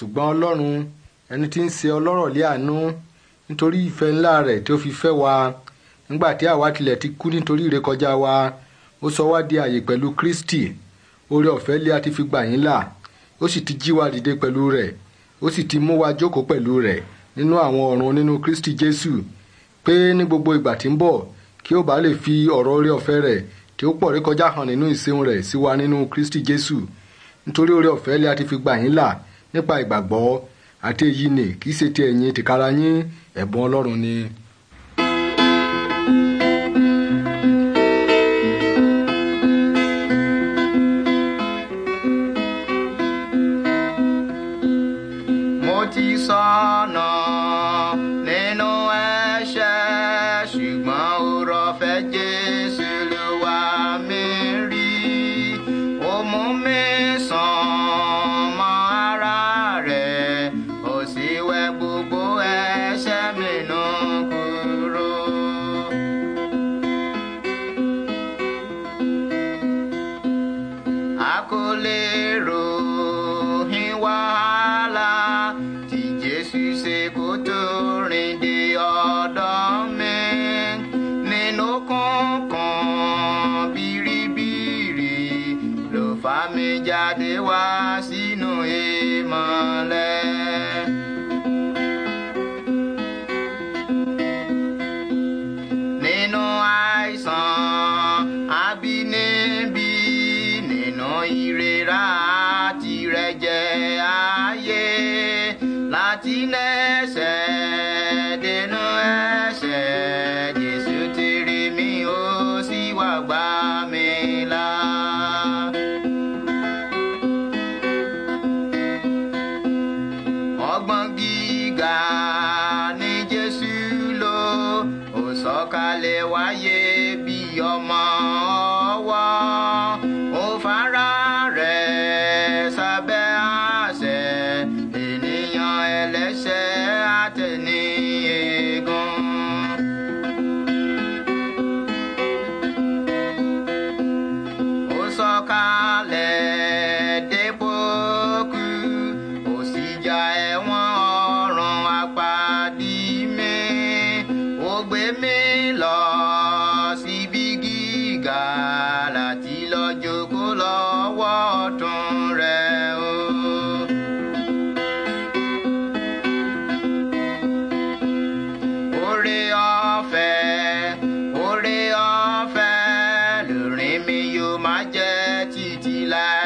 ṣùgbọ́n ọlọ́run ẹni tí ń ṣe ọlọ́rọ̀ lé àánú nítorí ìfẹ́ ńlá rẹ̀ tí ó fi fẹ́ wa nígbà tí àwa tilẹ̀ ti kú nítorí ìrékọjá wa ó sọ wá di àyè pẹ̀lú Kristi oore ọ̀fẹ́ lé a ti fi gbà yín là ó sì ti jí wa dìde pẹ̀lú rẹ̀ ó sì ti mú wa jókòó pẹ̀lú rẹ̀ nínú àwọn ọ̀run nínú Kristi Jésù pé ní gbogbo ìgbà tí ń bọ̀ kí ó bá lè fi ọ̀rọ̀ oore ọ̀fẹ́ rẹ̀ tí ó pọ̀ rékọjá hàn nínú ìṣeun rẹ̀ sí wa nínú Kristi Jésù nítorí oore ọ̀fẹ́ lé a ti fi gbà yín là nípa ìgbàgbọ́ àti èyí ni kì í ṣe ti ẹ̀yin tìkára yín ẹ̀bùn Ọlọ́run ni. mo ti sọ gbé jáde wá sínú ìmọ̀lẹ̀. nínú àìsàn àbínibí nínú ìrora àti ìrẹ̀jẹ̀ ayé láti nẹ́sẹ̀. sọ̀kalẹ̀ wáyé bí ọmọ ọwọ́ ó fara rẹ̀ sábẹ́ àṣẹ ènìyàn ẹlẹ́ṣẹ̀ àtẹ̀ní eégún. ó sọ̀kalẹ̀ dépò kú ó sì ja ẹ̀wọ̀n ọ̀run àpàdé mi ó gbé mi. ọ̀tún o. Oore ọ̀fẹ́, oore ọ̀fẹ́ lórí mi yóò máa jẹ́ títí láì.